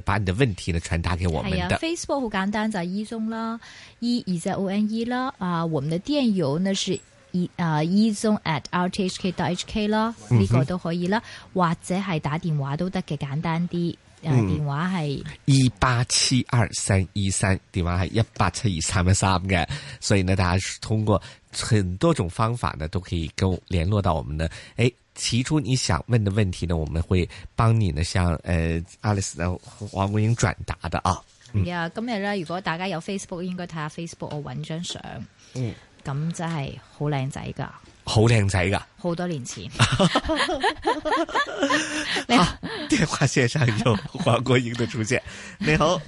把你的問題呢傳達給我們的。的、啊、Facebook 好簡單在 E 中啦，E 是在 One 啦啊，我們的電郵呢是 E 啊 E 中 at rthk.hk 啦，呢、嗯這個都可以啦，或者係打電話都得嘅，簡單啲。誒、啊嗯，電話係一八七二三一三，1872313，電話係一八七二三一三嘅，所以呢，大家通過。很多種方法呢，都可以跟我聯絡到我們的。哎，提出你想問的問題呢，我們會幫你呢，向呃 Alice 和黃國英轉達的啊。唔、嗯、呀，yeah, 今日呢，如果大家有 Facebook，應該睇下 Facebook，我搵張相。嗯、mm.，咁真係好靚仔噶。好靚仔噶，好多年前。 你好， 啊、電話線上有黃國英嘅出現。你好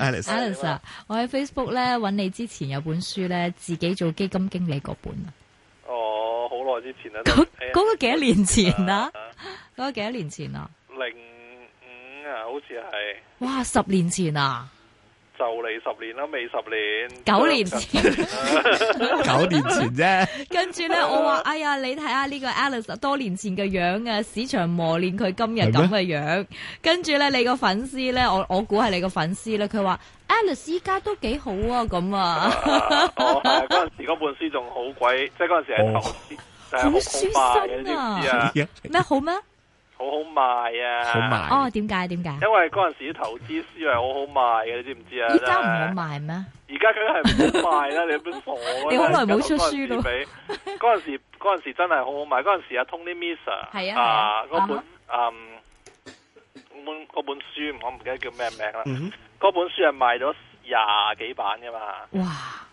，Alex，Alex 啊，我喺 Facebook 咧揾你之前有本書咧，自己做基金經理嗰本啊。哦，好耐之前啊，嗰嗰、嗰個幾多年前啊？嗰、啊啊、個幾多年前啊，零五啊，好似係，哇，十年前啊。就嚟十年啦，未十年，九年前，九 年前啫。 跟住咧，我話：哎呀，你睇下呢個 Alice 多年前嘅樣啊，市場磨練佢今日咁嘅樣，樣。嗎跟住咧，你個粉絲咧，我我估係你個粉絲啦。佢話 Alice 依家都幾好啊，咁啊。嗰陣、 啊哦、時嗰本書仲好鬼，即係嗰陣時係投資，好書生啊！咩好咩？好好賣啊！哦，點解？點解？因為嗰陣時啲投資書係好好賣嘅，你知唔知 啊？而家唔好賣咩？而家梗係唔好賣啦，你都傻啊，你好耐冇出書咯。嗰陣時，時，嗰陣時真係好好賣。嗰陣時阿 Tony Misa 啊，嗰、啊啊、本、啊、嗯嗰本嗰本書，我唔記得叫咩名啦。嗰、嗯、哼本書係賣咗。廿幾版噶嘛？哇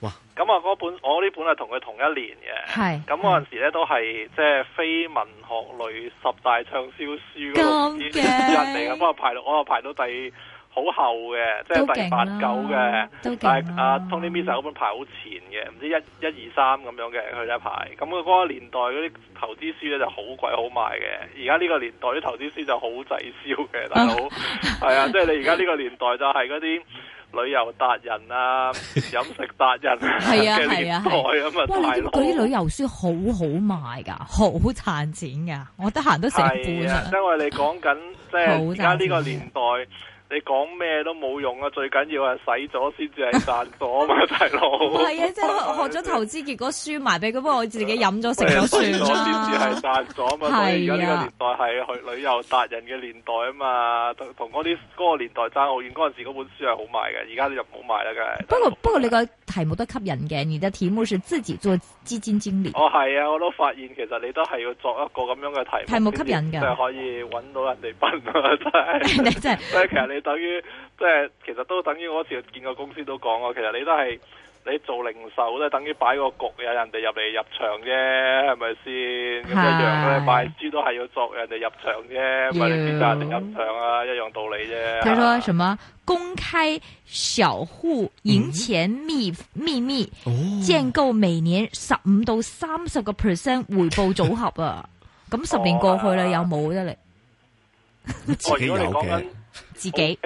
哇！咁啊，那我那本我呢本係同佢同一年嘅。係是。咁嗰陣時咧是都係即係非文學類十大暢銷書人嚟嘅，不過排到我啊排到第好後嘅，即係第八九嘅。都勁是、嗯、啊！Tony Misa 嗰本排好前嘅，唔知一一二三咁樣嘅佢一排。咁佢嗰個年代嗰啲投資書咧就好貴好賣嘅。而家呢個年代啲投資書就好滯銷嘅大佬。係啊， 即、就、係、是、你而家呢個年代就係嗰啲。旅遊達人啊，飲食達人啊，係啊，係啊，係啊！哇， 嗰啲旅遊書好好賣噶，好賺錢噶。我得閒都成半啦。因為、啊、你講緊即係而家呢個年代。 你講咩都冇用啊！最緊要係使咗先至係賺咗嘛，大佬 弟。唔係啊，即係學咗投資，結果輸埋俾佢， 不過我自己飲咗食咗算啦。先至係賺咗嘛， 所以而家呢個年代係去旅遊達人嘅年代啊嘛。同嗰啲嗰個年代爭好遠，嗰陣時嗰本書係好賣嘅，而家就唔好賣啦，梗係。不過不過你個題目都吸引嘅，而家題目是自己做自己。基金經理，我係啊，我都發現其實你都係要作一個咁樣嘅題目，冇吸引即係可以揾到人哋笨啊， 真係是，即係 真是 其實你等於 即係，其實都等於我之前見過公司都講過，其實你都係。你做零售咧，等於擺個局，有人哋入嚟入場啫，係咪先？一樣嘅賣豬都係要作人哋入場啫，唔係邊家入場啊？一樣道理啫。佢說什麼公開小戶贏錢秘秘密，佔高每年十五到三十個 percent 回報組合啊！咁十年過去啦，有冇得嚟？自己有嘅，自己，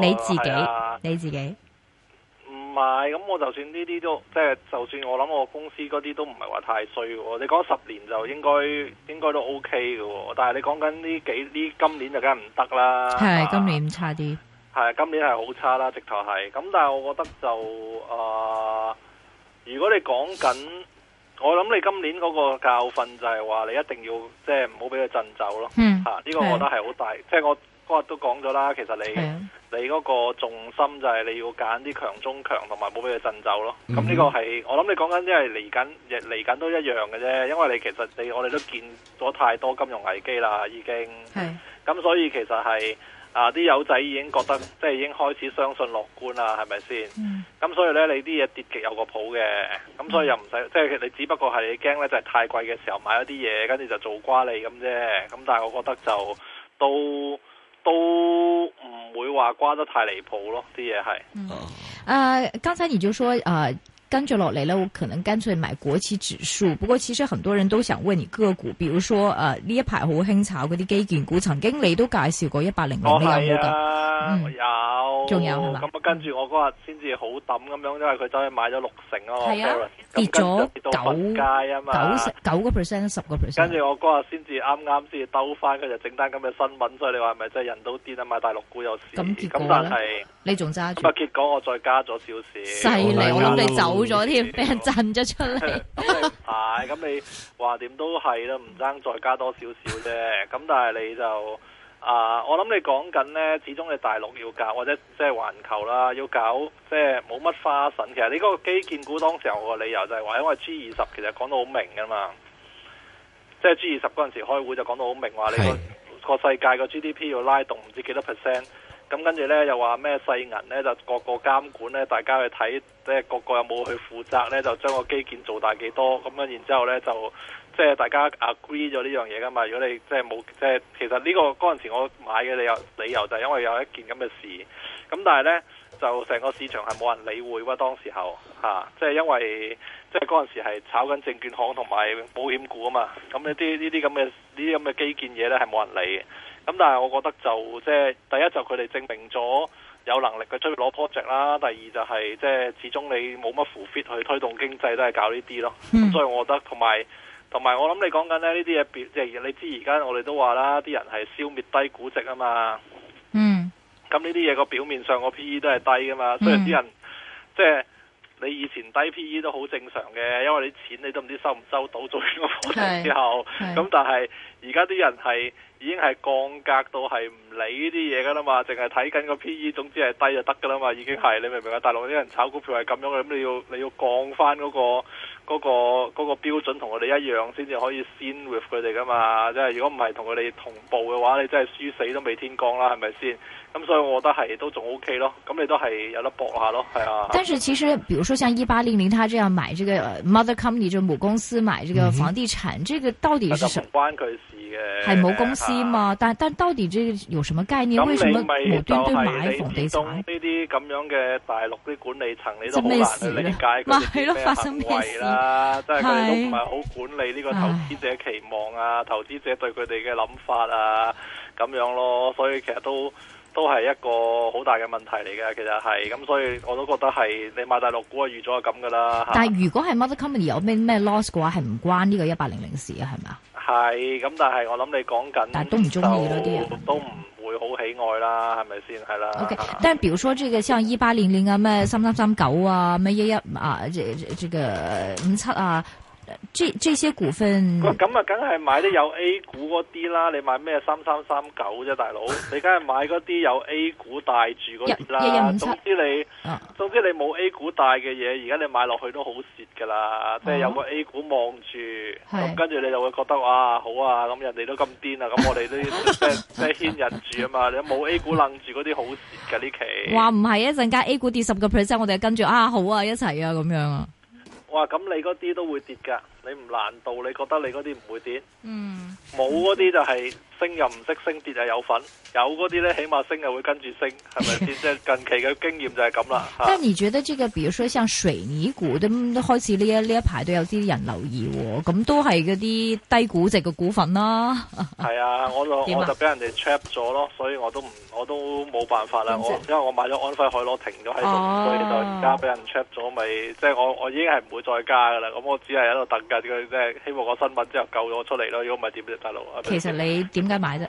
你自己，你自己。唔係，咁我就算呢啲都，即係就算我諗我公司嗰啲都唔係話太衰嘅喎。你講十年就應該應該都 OK 嘅，但係你講緊呢幾呢今年就梗係唔得啦。係的、啊、今年差啲，係啊，今年係好差啦，直頭係。咁但係我覺得就啊、呃，如果你講緊，我諗你今年嗰個教訓就係話你一定要即係唔好俾佢震走咯。嗯，呢個我覺得係好大，即係我。都講咗啦，其實你 Yeah. 你嗰個重心就係你要揀啲強中強同埋冇咩震走咯。咁呢、mm hmm. 個係我諗你講緊，因為嚟緊嚟緊都一樣嘅啫。因為你其實你我哋都見咗太多金融危機啦，已經。咁 Yeah.、嗯、所以其實係啊，啲、呃、友仔已經覺得即係已經開始相信樂觀啦，係咪先？咁、mm hmm. 嗯、所以呢，你啲嘢跌極有個譜嘅。咁、嗯、所以又唔使，mm hmm. 即係你只不過係驚呢就係、是、太貴嘅時候買一啲嘢，跟住就做瓜利咁啫。咁但係我覺得就都。都唔會話瓜得太離譜咯，啲嘢係。嗯，啊、呃，剛才你就說，啊、呃。跟住落嚟咧，我可能乾脆買國企指數。不過其實很多人都想問你個股，比如說誒呢、呃、一排好興炒嗰啲基建股，曾經你都介紹過一百零五，有冇噶？有，仲、哦啊嗯、有咁啊、嗯、跟住我嗰日先至好抌咁樣，因為佢走去買咗六成啊，啊後跌咗九九個 percent，十個 percent。跟住我嗰日先至啱啱先至兜翻，佢就整單咁嘅新聞，所以你話係咪真係人都跌啊？買大陸股有蝕咁、嗯，結果咧？但是你仲揸住？咁啊結果我再加咗少少。犀利，我諗你走。好咗添，俾人震咗出嚟。係、啊，咁、啊、你話點都係啦，唔爭再加多少少啫。咁但係你就啊，我諗你講緊呢，始終你大陸要搞，或者即係環球啦，要搞，即係冇乜花臣。其實你嗰個基建股當時候個理由就係、是、話，因為 G 二十其實講到好明㗎嘛，即係 G 二十嗰陣時開會就講到好明，話你個個是世界個 GDP 要拉動唔知幾多 percent。咁跟住呢，又話咩世銀呢？就個個監管呢，大家去睇即係，個個有冇去負責呢？就將個基建做大幾多？咁樣然之後呢，就即係大家 agree 咗呢樣嘢噶嘛。如果你即係冇，即係其實呢個嗰陣時我買嘅理由理由就係因為有一件咁嘅事。咁但係呢，就成個市場係冇人理會。當時候嚇、啊，即係因為即係嗰陣時係炒緊證券行同埋保險股啊嘛。咁呢啲呢啲咁嘅呢啲咁嘅基建嘢呢，係冇人理嘅。咁但係我覺得就即係第一就佢哋證明咗有能力去出去攞 project 啦，第二就係即係始終你冇乜負 fit 去推動經濟都係搞呢啲咯。咁、嗯、所以我覺得同埋同埋我諗你講緊咧呢啲嘢表，即係你知而家我哋都話啦，啲人係消滅低估值啊嘛。嗯。咁呢啲嘢個表面上個 P E 都係低㗎嘛，所以啲人、嗯、即係。你以前低 P E 都好正常嘅，因為你錢你都唔知收唔收到做完個過程之後，咁但係而家啲人係已經係降格到係唔理呢啲嘢噶啦嘛，淨係睇緊個 P E，總之係低就得噶啦嘛，已經係你明唔明啊？大陸啲人炒股票係咁樣嘅，咁你要你要降翻嗰個嗰個嗰個標準同我哋一樣先至可以 sync with 佢哋噶嘛，即係如果唔係同佢哋同步嘅話，你真係輸死都未天光啦，係咪先？咁、嗯、所以我覺得係都仲 O K 咯，咁你都係有得搏下咯，係啊。但是其實，比如說像一八零零，他這樣買這個 mother company，就母公司買這個房地產，嗯、這個到底是什麼？關佢事嘅，係冇公司嘛，啊、但但到底這個有什麼概念？嗯、為什麼無端端買房地產？股東呢啲咁樣嘅大陸啲管理層，你都好難去理解佢啲咩行為啦。係、嗯，都唔係好管理呢個投資者期望啊，唉投資者對佢哋嘅諗法啊，咁樣咯，所以其實都。都係一個好大嘅問題嚟嘅。其實係咁，所以我都覺得係你買大陸股啊，預咗係咁噶啦。但係如果係 mother company 有咩咩 loss 嘅話，係唔關呢個一八零零事啊，係咪啊？係咁，但係我諗你講緊，但係都唔中意咯，啲人，都唔會好喜愛啦，係咪先？係啦、嗯吧。OK，但係比如說這、啊啊 11, 啊，這個像一八零零啊，咩三三三九啊，咩一一啊，這這這個五七啊。這這些股份，咁啊，梗係買啲有 A 股嗰啲啦。你買咩三三三九啫，大佬。你梗係買嗰啲有 A 股帶住嗰啲啦。 總之你，總之你冇 A 股帶嘅嘢，而家你買落去都好蝕噶啦。即係有個 A 股望住，咁跟住你就會覺得哇、啊，好啊，咁人哋都咁癲啊，咁 我哋都即係牽引住啊嘛。你冇 A 股楞住嗰啲好蝕噶呢期。話唔係，一陣間 A 股跌十個 percent，我哋就跟住啊，好啊，一齊啊，咁樣啊。哇！咁你嗰啲都會跌噶，你唔難度，你覺得你嗰啲唔會跌？嗯，冇嗰啲就係、是。.升又唔識升，跌就有份，有嗰啲咧，起碼升啊會跟住升，係咪先？即係 近期嘅經驗就係咁啦。 但係你覺得呢、呢個，比如說像水泥股都開始呢一呢一排都有啲人留意、哦，咁都係嗰啲低估值嘅股份啦、啊。係 啊，我就、啊、我就俾人哋 check 咗咯，所以我都唔我都冇辦法啦。我因為我買咗安徽海螺停咗喺度，啊、所以就而家俾人 check 咗，咪即係我我已經係唔會再加噶啦。咁我只係喺度等緊即係希望個新聞之後救咗我出嚟咯。如果唔係點啫大佬？其實你點？ 而家買啫。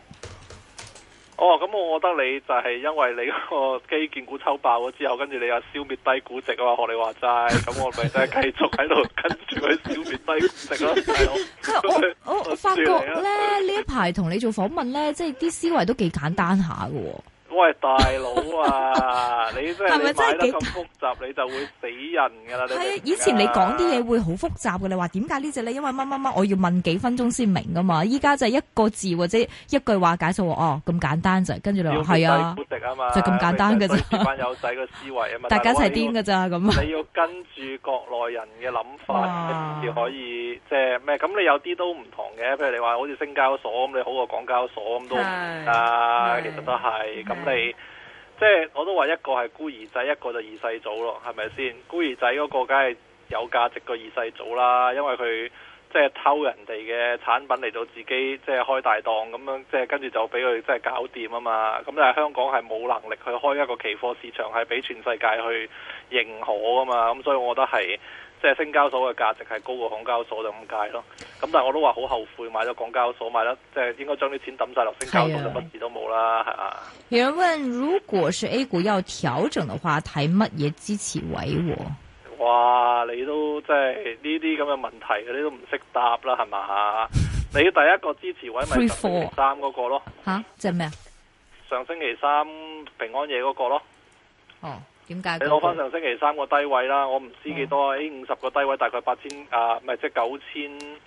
哦，咁我覺得你就係因為你嗰個基建股抽爆咗之後，跟住你又消滅低估值啊嘛，學你話齋，咁 我咪真係繼續喺度跟住去消滅低股值低估值咯。即係我我，我，我發覺咧呢一排同你做訪問咧，即係啲思維都幾簡單下噶。喂，大佬啊，你真係係咪真係咁複雜，你就會死人噶啦！係啊，以前你講啲嘢會好複雜嘅，你話點解呢隻咧？因為乜乜乜，我要問幾分鐘先明噶嘛。依家就係一個字或者一句話解釋喎哦，咁簡單就係跟住你話係啊，就咁簡單嘅啫。小朋友仔嘅思維啊嘛，大家一齊癲嘅咋咁啊！你要跟住國內人嘅諗法先至可以，即係咩？咁你有啲都唔同嘅，譬如你話好似深交所咁，你好過港交所咁都唔同啦。其實都係咁。即係我都話一個係孤兒仔，一個就二世祖咯，係咪先？孤兒仔嗰個梗係有價值過二世祖啦，因為佢即係偷人哋嘅產品嚟到自己即係開大檔咁樣，即係跟住就俾佢即係搞掂啊嘛！咁但係香港係冇能力去開一個期貨市場，係俾全世界去認可啊嘛！咁所以，我覺得係。即係深交所嘅價值係高過港交所就咁解咯，咁但係我都話好後悔買咗港交所，買得即係應該將啲錢揼晒落深交所就乜事都冇啦。哎呦啊、有人問，如果是 A 股要調整嘅話，睇乜嘢支持位喎？哇，你都即係呢啲咁嘅問題，你都唔識答啦，係嘛？ 你第一個支持位咪星期三嗰個咯？吓？即係咩啊？上星期三平安夜嗰個咯。哦。解你攞翻上星期三低、啊、個低位啦，我唔知幾多 A 五十個低位大概八千啊，唔係即九千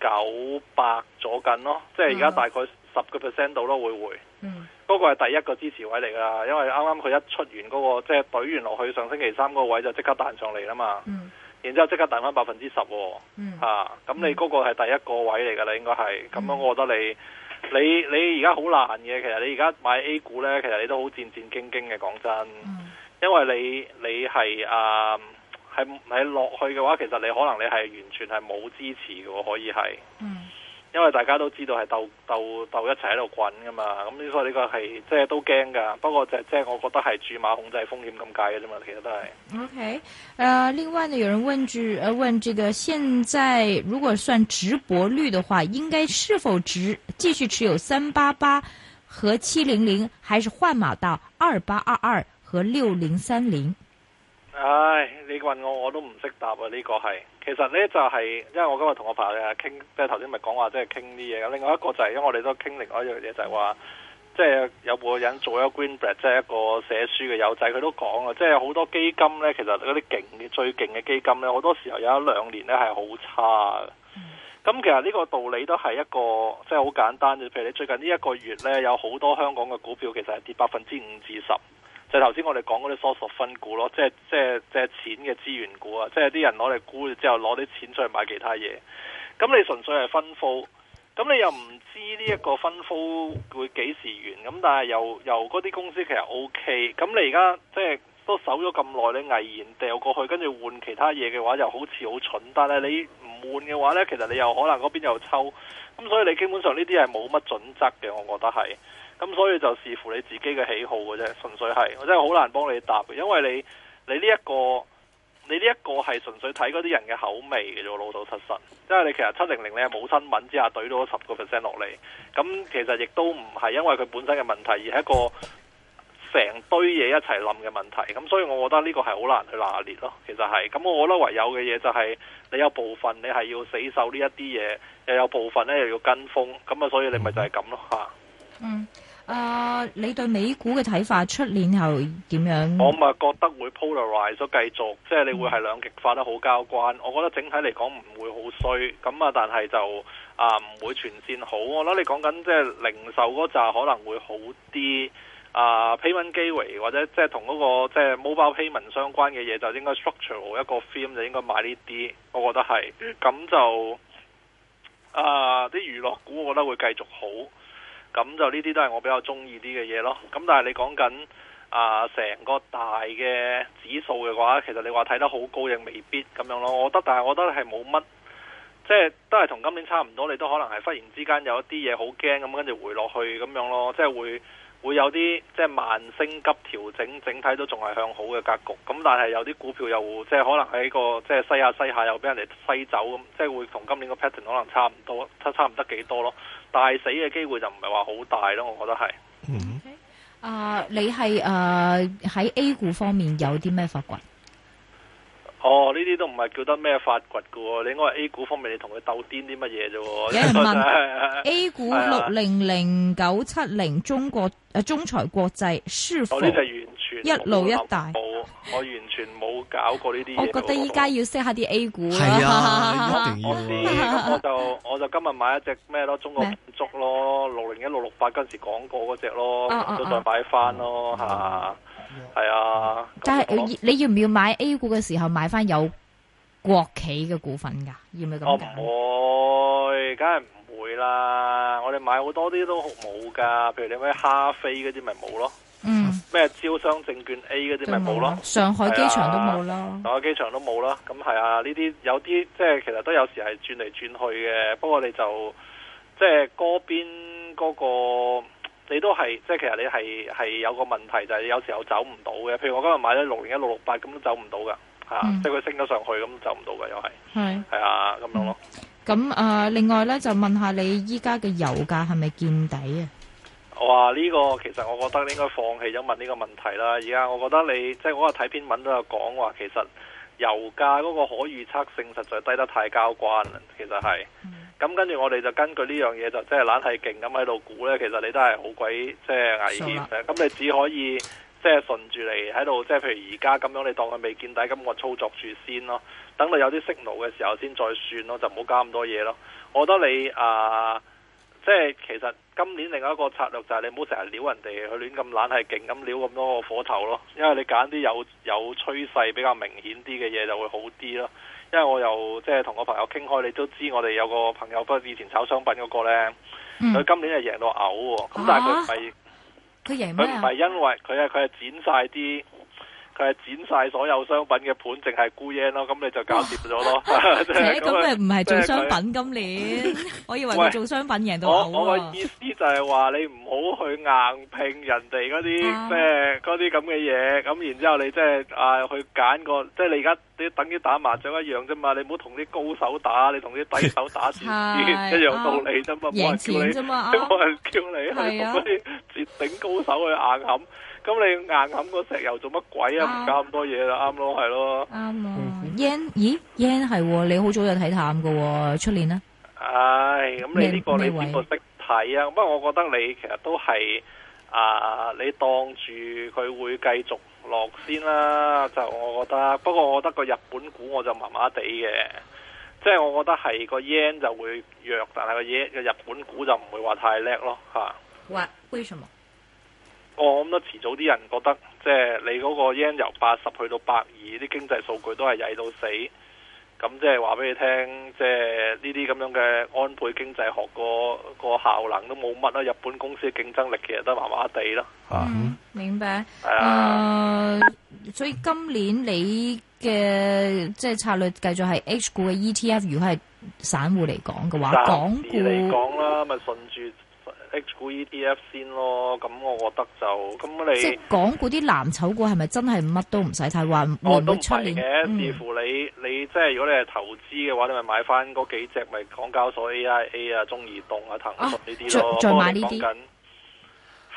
九百左近咯，即係而家大概十個 percent 到咯，都會回。嗯，嗰個係第一個支持位嚟噶，因為啱啱佢一出完嗰、嗰個即係隊完落去上星期三個位就即刻彈上嚟啦嘛。嗯，然之後即刻彈翻百分之十。嗯，咁、啊、你嗰個係第一個位嚟噶啦，應該係。咁、嗯、我覺得你你你而家好難嘅，其實你而家買 A 股咧，其實你都好戰戰兢兢嘅，講真。嗯因為你你係啊，係係落去嘅話，其實你可能你係完全係冇支持嘅喎，可以係。嗯。因為大家都知道係鬥鬥鬥一齊喺度滾㗎嘛，咁、嗯、所以呢個係即係都驚㗎。不過就即係我覺得係注碼控制風險咁解嘅啫嘛，其實都係。OK，呃，另外呢，有人問住、呃，問這個現在如果算直播率的話，應該是否持繼續持有三八八和七零零，還是換馬到二八二二？和六零三零，唉，你問我我都唔識答啊。呢、這個係其實呢就係、是，因為我今日同我朋友傾，即係頭先咪講話，即係傾啲嘢。另外一個就係、是，因為我哋都傾另外一樣嘢，就係話即係有冇個人做咗 Green Bread，即係一個寫書嘅友仔，佢都講啊，即係好多基金呢，其實嗰啲勁嘅最勁嘅基金呢，好多時候有一兩年呢係好差嘅。咁其實呢個道理都係一個即係好簡單嘅，譬如你最近呢一個月呢，有好多香港嘅股票其實係跌百分之五至十。就頭先我哋講嗰啲 soft 分股咯，即係即係即係錢嘅資源股啊，即係啲人攞嚟估之後攞啲錢出去買其他嘢。咁你純粹係分鋪，咁你又唔知呢一個分鋪會幾時完。咁但係又又嗰啲公司其實 OK。咁你而家即係都守咗咁耐，你毅然掉過去，跟住換其他嘢嘅話，又好似好蠢。但係你唔換嘅話呢，其實你又可能嗰邊又抽。咁所以你基本上呢啲係冇乜準則嘅，我覺得係。咁所以就視乎你自己嘅喜好嘅啫，純粹係，我真係好難幫你答，因為你你呢一個你呢一個係純粹睇嗰啲人嘅口味嘅啫，老老實實，因為你其實七零零你係冇新聞之下懟到十個 percent 落嚟，咁其實亦都唔係因為佢本身嘅問題，而係一個成堆嘢一齊冧嘅問題，咁所以我覺得呢個係好難去拿捏咯，其實係，咁我覺得唯有嘅嘢就係你有部分你係要死守呢一啲嘢，又有部分呢又要跟風，咁啊所以你咪就係咁咯嚇，嗯。啊！Uh, 你對美股嘅睇法，出年又點樣？我咪覺得會 polarize 咗，繼續即係你會係兩極化得好交關。嗯、我覺得整體嚟講唔會好衰咁啊，但係就啊唔會全線好。我諗你講緊即係零售嗰紮可能會好啲啊，payment gateway 或者即係同嗰個即係、就是、mobile payment 相關嘅嘢就應該 structural 一個 film 就應該買呢啲，我覺得係咁、嗯、就啊啲娛樂股我覺得會繼續好。咁就呢啲都係我比較中意啲嘅嘢咯。咁但係你講緊啊成個大嘅指數嘅話，其實你話睇得好高亦未必咁樣咯。我覺得，但係我覺得係冇乜，即係都係同今年差唔多。你都可能係忽然之間有一啲嘢好驚咁，跟住回落去咁樣咯，即係會。會有啲即係慢升急調整，整體都仲係向好嘅格局。咁但係有啲股票又即係可能喺個即係西下西下又俾人哋西走咁，即係會同今年個 pattern 可能差唔多，差多差唔得幾多咯。但係死嘅機會就唔係話好大咯，我覺得係。啊、okay. uh，你係誒喺 A 股方面有啲咩發掘？哦，呢啲都唔係叫得咩發掘嘅，你應該係 A 股方面你，你同佢鬥癲啲乜嘢啫？有 A 股六零零九七零中國誒中材國際舒服，就完全一路一帶， 我完全冇搞過呢啲。我覺得依家要識下啲 A 股啦。係啊，我知 我，我就我就今日買一隻咩咯？中國建築咯，六零一六六八嗰時講過嗰隻咯，啊啊啊啊都再買翻咯，吓、啊。啊係啊，但係你要唔要買 A 股嘅時候買翻有國企嘅股份噶？要唔要咁？我唔、哦、唔會，梗係唔會啦。我哋買好多啲都冇噶，譬如你咩哈飛嗰啲咪冇咯。嗯，咩招商證券 A 嗰啲咪冇咯，嗯？上海機場都冇咯。啊、上海機場都冇咯。咁係啊，呢啲有啲即係其實都有時係轉嚟轉去嘅。不過你就即係嗰邊嗰個。你都係，即係其實你係係有個問題，就係、你、有時候走唔到嘅。譬如我今日買咗六零一六六八，咁都走唔到噶，吓、嗯，即係佢升咗上去，咁走唔到嘅又係，係係啊，咁、啊、樣咯。咁啊、嗯呃，另外咧，就問下你依家嘅油價係咪見底啊？我話呢個其實我覺得你應該放棄咗問呢個問題啦。而家我覺得你即係我睇篇文都有講話，其實油價嗰個可預測性實在低得太交關啦。其實係。嗯咁跟住我哋就根據呢樣嘢就即係懶係勁咁喺度估呢。其實你都係好鬼即係危險嘅。咁你只可以即係、就是、順住嚟喺度，即係譬如而家咁樣，你當佢未見底，咁我操作住先咯。等到有啲息怒嘅時候先再算咯，就唔好加咁多嘢咯。我覺得你啊，即、呃、係、就是、其實今年另一個策略就係你唔好成日撩人哋去亂咁懶係勁咁撩咁多個火頭咯，因為你揀啲有有趨勢比較明顯啲嘅嘢就會好啲咯。因為我又即係同個朋友傾開，你都知我哋有個朋友不過以前炒商品嗰、那個咧，佢、嗯、今年係贏到嘔喎，咁但係佢唔係佢贏咩啊？佢唔係因為佢係佢係剪晒啲。佢剪晒所有商品嘅盤，淨係孤影咯，咁你就搞掂咗咯。而且咁你唔係做商品今年， 我以為你做商品贏到好。我我嘅意思就係話你唔好去硬拼人哋嗰啲咩嗰啲咁嘅嘢，咁、啊、然之後你即係啊去揀個，即係你而家你等於打麻將一樣啫嘛。你唔好同啲高手打，你同啲低手打少啲 的一樣道理啫嘛。冇人叫你，嘛、啊？冇人叫你同嗰啲絕頂高手去硬冚。咁、嗯嗯、你硬冚個石油做乜鬼啊？唔搞咁多嘢啦，啱咯、啊，係咯了。啱啊，yen？咦，yen 係？你好早就睇淡噶、哦，出年咧。唉、哎，咁你呢個你只不過識睇啊。不過我覺得你其實都係啊，你當住佢會繼續落先啦。就是、我覺得，不過我覺得個日本股我就麻麻地嘅，即、就、係、是、我覺得係個 yen 就會弱，但係個 yen 個日本股就唔會話太叻咯，吓、啊。為為什麼？我諗都遲早啲人覺得，即係你嗰個 yen 由八十去到百二，啲經濟數據都係曳到死。咁即係話俾你聽，即係呢啲咁樣嘅安倍經濟學個個效能都冇乜啦。日本公司嘅競爭力其實都麻麻地囉。嚇、嗯，明白。誒、啊嗯，所以今年你嘅即係策略繼續係 H 股嘅 ETF，如果係散戶嚟講嘅話，但港股嚟講啦，咪、就是、順住。H 股 ETF 先咯，咁我覺得就咁你即係講啲藍籌股係咪真係乜都唔使太話？我都係嘅，嗯、似乎你你即係如果你係投資嘅話，你咪買翻嗰幾隻咪港交所 AIA 啊、中移動啊、騰訊呢啲咯。啊、再再買呢啲。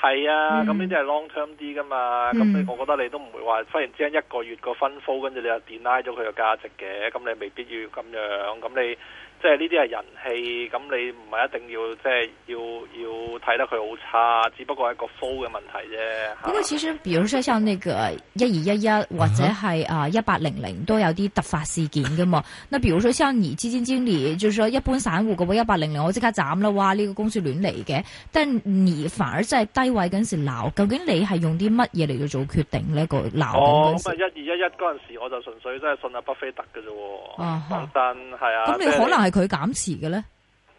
係啊，咁呢啲係 long term 啲噶嘛？咁、嗯、你我覺得你都唔會話忽然之間一個月個分 flow 跟住你就 deny 咗佢嘅價值嘅，咁你未必要咁樣。咁你。即係呢啲係人氣，咁你唔係一定要即係要要睇得佢好差，只不過係個鋪嘅問題啫。不過其實，比如說像那個一二一一或者係啊一八零零都有啲突發事件噶嘛。 那比如說像你基金經理，就說、是、一般散戶嘅話一八零零我即刻斬啦，哇呢、這個公司亂嚟嘅。但你反而真係低位嗰陣時鬧，究竟你係用啲乜嘢嚟到做決定呢？個鬧咁啊一二一一嗰陣時我就純粹真係信阿巴菲特嘅啫。哦，但係啊，咁、啊啊啊、你可能係。佢減持嘅咧，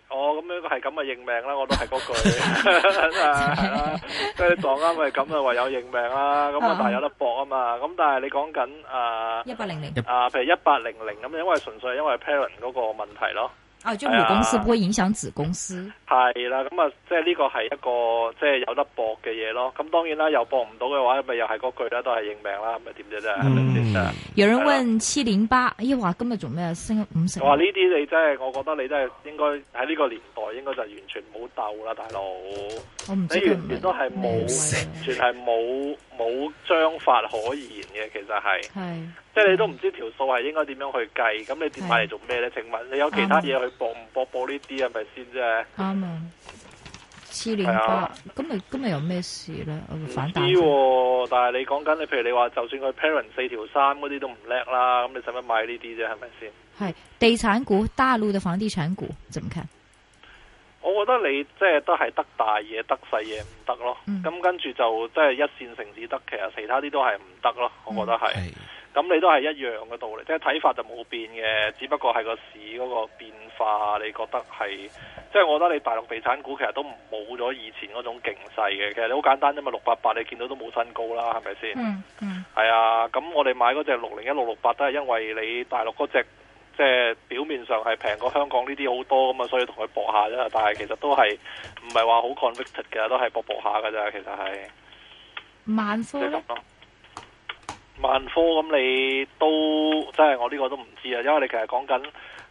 哦咁、嗯、樣係咁嘅認命啦，我都係嗰句，跟住撞啱咪咁嘅唯有認命啦。咁啊，但有得搏啊嘛。咁但係你講緊啊，一八零零啊，譬如一八零零咁，因為純粹係因為 parent 嗰個問題咯。啊！就母公司不會影響子公司。係啦，咁啊，即係呢個係一個即係有得搏嘅嘢咯。咁當然啦，又搏唔到嘅話，咪又係嗰句啦，都係認命啦，咪點啫啫，係咪先？有人問七零八，咦，話今日做咩升五成。我話呢啲你真係，我覺得你真係應該喺呢個年代，應該就完全冇斗啦，大佬。我唔知完全都係冇。完全係冇。冇章法可言嘅，其實係，是即係你都唔知條數係應該點樣去計，咁是你買嚟做咩咧？請問你有其他嘢去唔博博呢啲係咪先即啫？啱啊吧，次年吧八，今日今日有咩事咧？唔知哦、反知喎，但係你講緊你，譬如你話就算佢 parent 四條三嗰啲都唔叻啦，咁你使乜買呢啲啫？係咪先？係地產股，大陸嘅房地產股，怎麼看？我覺得你即係都係得大嘢，得細嘢唔得咯。咁、嗯、跟住就即係一線城市得，其實其他啲都係唔得咯。我覺得係。咁、嗯、你都係一樣嘅道理，即係睇法就冇變嘅，只不過係個市嗰個變化，你覺得係。即係我覺得你大陸地產股其實都冇咗以前嗰種勁勢嘅。其實你好簡單啫嘛，六八八你見到都冇新高啦，係咪先？嗯嗯。係啊，咁我哋買嗰隻六零一六六八都係因為你大陸嗰隻。即係表面上係平過香港呢啲好多咁啊，所以同佢搏下啫。但係其實都係唔係話好 convicted 嘅，都係搏搏下嘅咋。其實係萬科，萬科咁你都即係我呢個都唔知啊。因為你其實講緊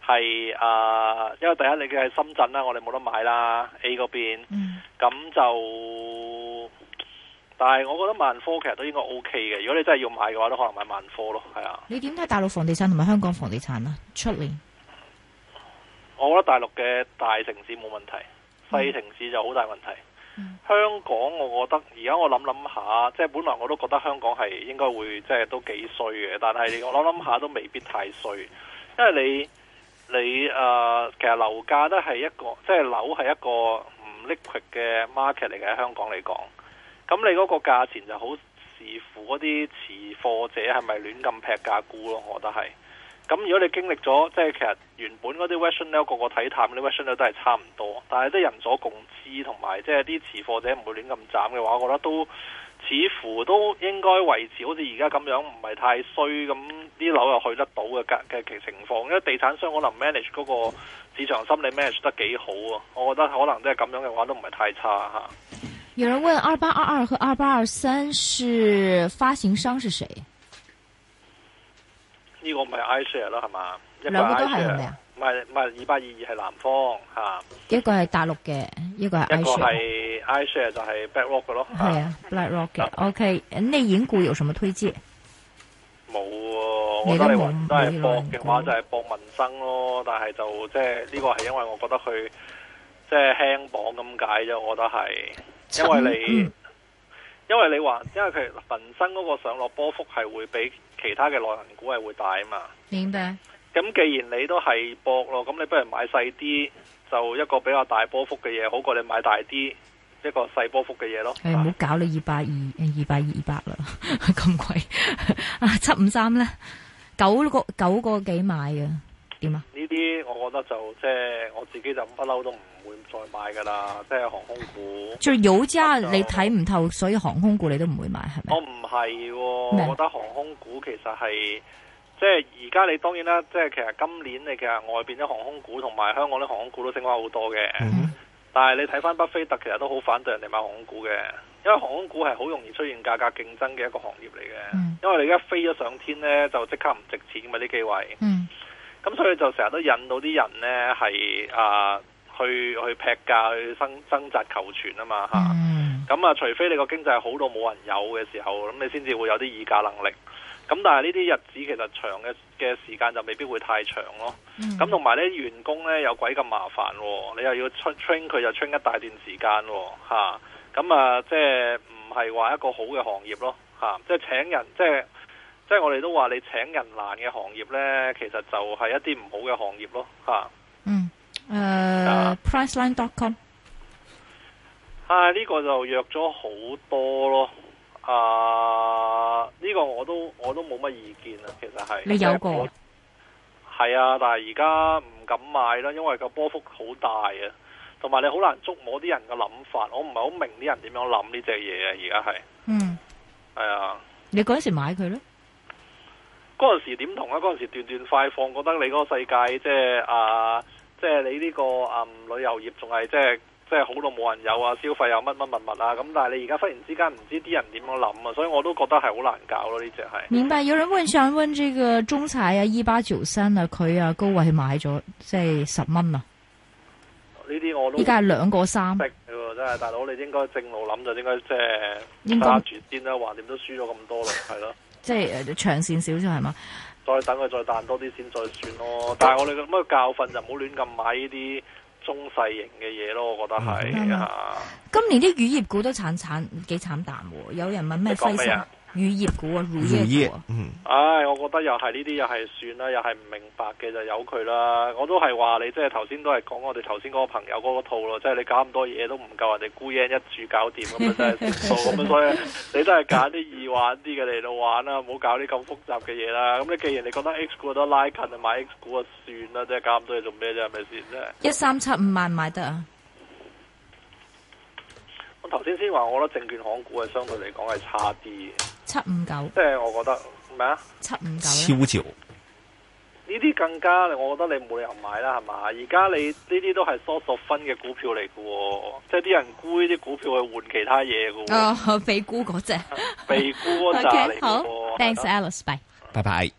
係啊，因為第一你嘅係深圳啦，我哋冇得買啦 A 嗰邊，咁、嗯、就。但係我覺得萬科其實都應該 OK 嘅，如果你真係要買嘅話，都可能買萬科咯，係啊。你點睇大陸房地產同埋香港房地產啊？出年，我覺得大陸嘅大城市冇問題，細城市就好大問題。嗯、香港我覺得而家我諗諗下，即係本來我都覺得香港係應該會即係都幾衰嘅，但係我諗諗下都未必太衰，因為你你誒、呃，其實樓價都係一個即係樓係一個唔 liquid 嘅 market 嚟嘅，喺香港嚟講。咁你嗰個價錢就好視乎嗰啲持貨者係咪亂咁劈價估咯，我覺得係。咁如果你經歷咗即係其實原本嗰啲 version 咧個個睇淡嗰啲 version 都係差唔多，但係即係人所共知同埋即係啲持貨者唔會亂咁斬嘅話，我覺得都似乎都應該維持好似而家咁樣，唔係太衰咁啲樓又去得到嘅價嘅其情況，因為地產商可能 manage 嗰個市場心理 manage 得幾好啊，我覺得可能即係咁樣嘅話都唔係太差嚇。啊。有人問二八二二和二八二三是發行商是誰？呢個唔係 i share 啦，係嘛？兩個都係係咪啊？唔係唔係二八二二係南方吓，一個係大陸嘅，一個係 i share。一個係 i share 就係 black rock 嘅咯，係啊，black rock 嘅。O K，內銀股有什麼推介？冇啊，我哋都係博嘅話就係博民生咯，但係就即係呢個係因為我覺得佢即係輕磅咁解啫，我覺得係。因為你，因為你話，因為佢民生嗰個上落波幅係會比其他嘅內銀股係會大啊嘛。明白。咁既然你都係博咯，咁你不如買細啲，就一個比較大波幅嘅嘢，好過你買大啲一,一個細波幅嘅嘢咯。唔好、嗯、是搞你二百二二百二百啦？咁貴啊！ 七五三咧，九個九個幾買啊？點啊？我覺得就即係我自己就不嬲都唔會再買噶啦，即係航空股。就有家你睇唔透，所以航空股你都唔會買係咪？我唔係、哦，麼我覺得航空股其實係即係而家你當然啦，即係其實今年你其實外邊啲航空股同埋香港啲航空股都升翻好多嘅。Mm hmm. 但係你睇翻巴菲特，其實都好反對人哋買航空股嘅，因為航空股係好容易出現價格競爭嘅一個行業嚟嘅。Mm hmm. 因為你而家飛咗上天呢，就即刻唔值錢嘅啲機位。嗯、mm。Hmm. Mm hmm. 咁所以就成日都引到啲人呢，係啊，去去劈價去掙掙扎求存啊嘛嚇。咁啊，mm. 除非你個經濟好到冇人有嘅時候，咁你先至會有啲議價能力。咁但係呢啲日子其實長嘅嘅時間就未必會太長咯。咁同埋呢啲員工呢，有鬼咁麻煩喎，你又要出 train 佢又 train 一大段時間喎咁啊，啊，即係唔係話一個好嘅行業咯嚇、啊？即係請人即係。即係我哋都話你請人難嘅行業呢，其實就係一啲唔好嘅行業咯，吓、啊、嗯誒、uh, 啊、，Priceline.com 吓呢、啊呢個就約咗好多咯啊！呢、呢個我都我都冇乜意見啊。其實係你有過係啊，但係而家唔敢買啦，因為個波幅好大啊，同埋你好難捉摸啲人嘅諗法，我唔係好明啲人點樣諗呢隻嘢啊。而家係嗯係啊，你嗰陣時買佢咧？嗰陣時點同啊？嗰陣時段斷快放，覺得你嗰個世界即係啊，即係你呢個啊、嗯、旅遊業仲係即係即係好到冇人有啊，消費又乜乜物物啊！咁但係你而家忽然之間唔知啲人點樣諗啊，所以我都覺得係好難搞咯，呢隻係。明白，有人問想問這個中彩啊，伊巴喬新啊，佢啊高位買咗即係十蚊啊。呢啲我都依家係兩個三。真係大佬，你應該正路諗就應該即係揸住先啦，橫掂該都輸咗咁多啦，係咯。即係誒、呃，長線少少係嘛，再等佢再彈多啲先再算咯。嗯、但係我哋咁樣教訓就唔好亂咁買呢啲中細型嘅嘢咯，我覺得係。今年啲乳業股都慘慘，幾慘淡。有人問咩？講 乳業股啊，乳業股唉、啊哎，我覺得又係呢啲又係算啦，又係唔明白嘅就由佢啦。我都係話你，即係頭先都係講我哋頭先嗰個朋友嗰個套咯，即係你搞咁多嘢都唔夠人哋孤影一注搞掂咁啊，真係唔錯咁啊。 所以你都係揀啲易玩啲嘅嚟到玩啦，唔好搞啲咁複雜嘅嘢啦。咁你既然你覺得 X 股都拉近，就買 X 股啊，算啦，即係搞咁多嘢做咩啫？係咪先？一三七五萬買得啊！我頭先先話，我覺得證券行股啊，相對嚟講係差啲。七五九，即係我覺得咩啊？七五九超值，呢啲更加，我覺得你冇理由買啦，係嘛？而家你呢啲都係縮十分嘅股票嚟嘅，哦，即係啲人沽呢啲股票去換其他嘢嘅，哦。哦，被沽嗰隻，被沽嗰隻嚟嘅。好，Thanks Alice，拜拜。